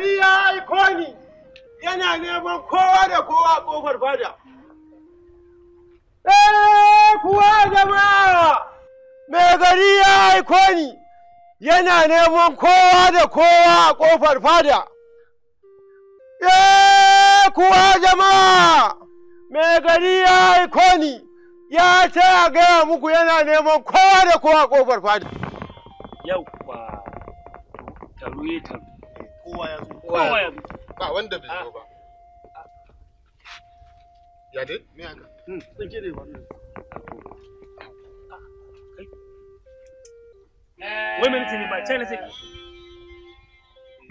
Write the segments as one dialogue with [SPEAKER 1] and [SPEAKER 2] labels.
[SPEAKER 1] gari ya aiko ni yana neman kowa da kowa a ƙofar fada. Eh kuwa jama'a mai gari ya aiko ni yana neman kowa da kowa a ƙofar fada. Eh kuwa jama'a mai gari ya aiko ni ya ce a gaya muku yana neman kowa da kowa a ƙofar fada.
[SPEAKER 2] Yau ba, taruye taruye. kowa ya zo kowa
[SPEAKER 1] ya zo ba wanda bai zo ba ah. ya dai me haka tsinke ne wannan
[SPEAKER 2] wai mai ne ba china sai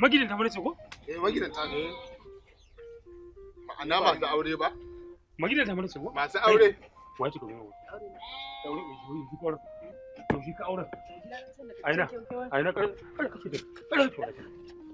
[SPEAKER 2] magidanta mana ce ko eh
[SPEAKER 1] magidanta ne ma'ana masu aure ba
[SPEAKER 2] magidanta mana ce ko masu aure wai ce ko ne aure ko ko to shi ka aure
[SPEAKER 1] aina aina kar kar
[SPEAKER 2] kake da kar kake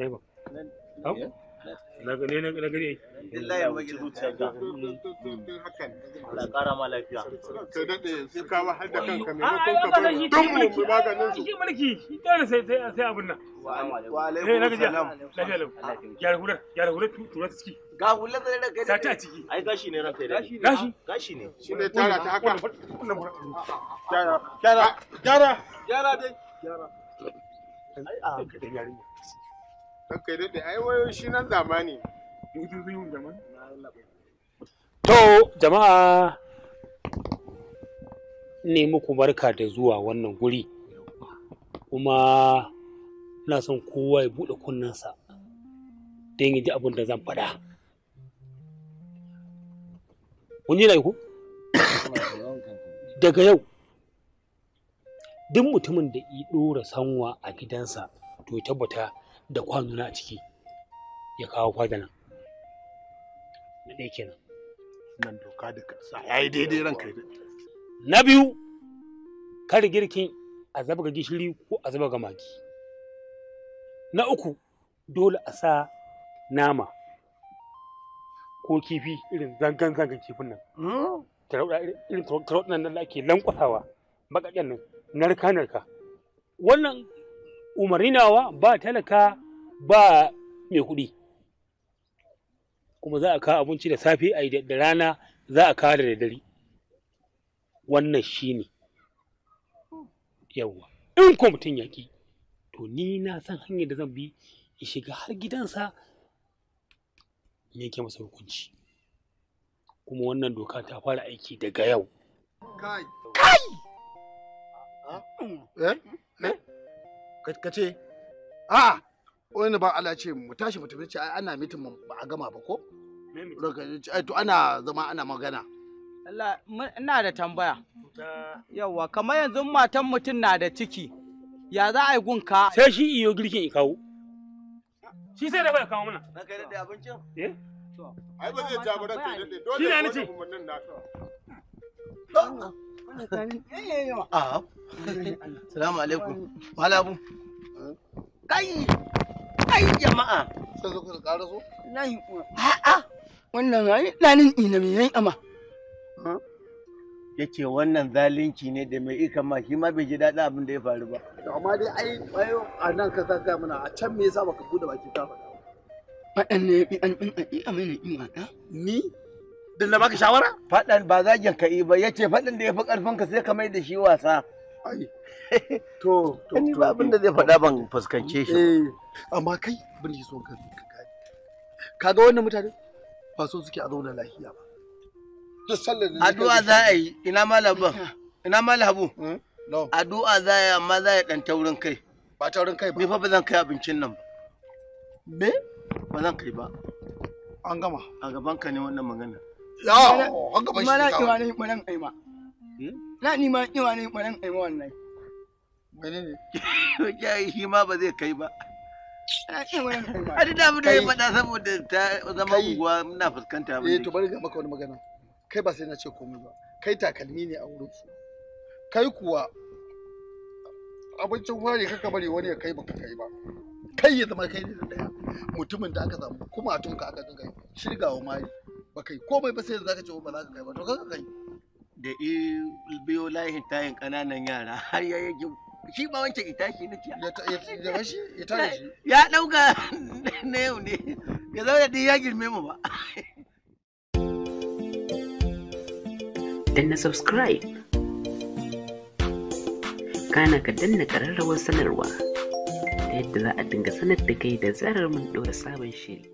[SPEAKER 2] Taiba.
[SPEAKER 1] Eh?
[SPEAKER 2] Na gani na gani. ya magi zuciya ga.
[SPEAKER 1] Allah kara ma lafiya. Sai dade sai ka wahal da kanka ne kun ka bar duk mulki maganin Shi
[SPEAKER 2] mulki dole sai sai sai abun nan.
[SPEAKER 1] Wa alaikum salam. Eh, gyara hular, gyara hular tura ta ciki. Ga hular da kai. Sata a ciki. Ai gashi ne ranka
[SPEAKER 2] da. Gashi. Gashi ne. Shi ne tara ta haka. Gyara. Gyara. Gyara.
[SPEAKER 1] Gyara dai. Gyara.
[SPEAKER 2] Ai a ka da yarinya. to jama'a ne muku barka da zuwa wannan guri kuma na son kowa ya buɗe kunnensa don yi abin da zan faɗa kun ji na ku daga yau duk mutumin da ya ɗora sanwa a gidansa to ya tabbata da kwanuna a ciki ya kawo nan na ɗaya kenan nan doka da kasa ya yi daidai ranka ya na biyu kare girkin a zaba ga gishiri ko a zaba ga magi na uku dole a sa nama ko kifi irin zangan zangan kifin nan hmm? irin tarauɗa nan da ake lankwasawa baƙaƙen nan narka narka wannan umarni nawa ba talaka ba mai kuɗi kuma za a kawo abinci da safe a yi da rana za a kawo da dare wannan shi ne yawwa in ko mutum ya ƙi to ni na san hanyar da zan bi in shiga har gidansa yanke yake masa hukunci kuma wannan doka ta fara aiki daga yau
[SPEAKER 1] kai kai eh? ka ce a wani ba Allah ce mu tashi mu tafi ce ai ana mitin ba a gama ba ko eh, ai to ana zama ana magana Allah ina da tambaya yawa kamar yanzu matan mutum na da ciki ya za a yi gunka sai shi
[SPEAKER 2] iyo girkin ikawo shi sai da bai kawo muna
[SPEAKER 1] na kai da abincin eh ai ba zai ta ba da kai da dole shi ne ni nace Assalamu alaikum. Malabu. kai kai jama'a sai zo ka ƙara so lahi kuwa a'a wannan ai lanin ina me yayi ama yace wannan zalunci ne da mai ika ma shi ma bai ji dadi abin da ya faru ba amma dai ai ayo! a nan ka zaga mana a can me yasa baka bude baki ka faɗa ne bi an din a mai ni mata ni dan da baka shawara faɗan ba zagin ka yi ba yace faɗan da ya fi karfin ka sai ka mai da shi wasa ai to to ni ba abin da zai faɗa ban fuskance shi eh, amma kai bin son ka gani kaga wannan mutane ba so suke a zauna lafiya ba addu'a za a yi ina malaba eh. ina malabu hmm? addu'a za a yi amma za a yi dan taurin kai ba taurin kai ba ni fa ba zan kai abincin nan ba me ba zan kai ba an gama a gaban ka ne wannan magana ya an gaban shi ma na kiwa ne hmm? na ni ma kiwa ne nan aima wannan menene yayi shi ma ba zai kai ba a duk abin da ya faɗa saboda ta zama unguwa muna fuskanta abin eh to bari ga maka wani magana kai ba sai na ce komai ba kai takalmi ne a wurin su kai kuwa abincin ware kaka bari wani ya kai baka kai ba kai ya zama kai ne da daya mutumin da aka samu kuma a tunka aka kai shirgawa mari ba kai komai ba sai da zaka ce ba za ka kai ba to kaka kai da biyo layin tayin ƙananan yara har ya shi ba wancan shi na ya na yau ne ya zaune din ya girme mu ba
[SPEAKER 2] danna subscribe kana ka danna kararrawar sanarwa ta yadda za a dinga sanar da kai da zarar mun ɗora sabon shiri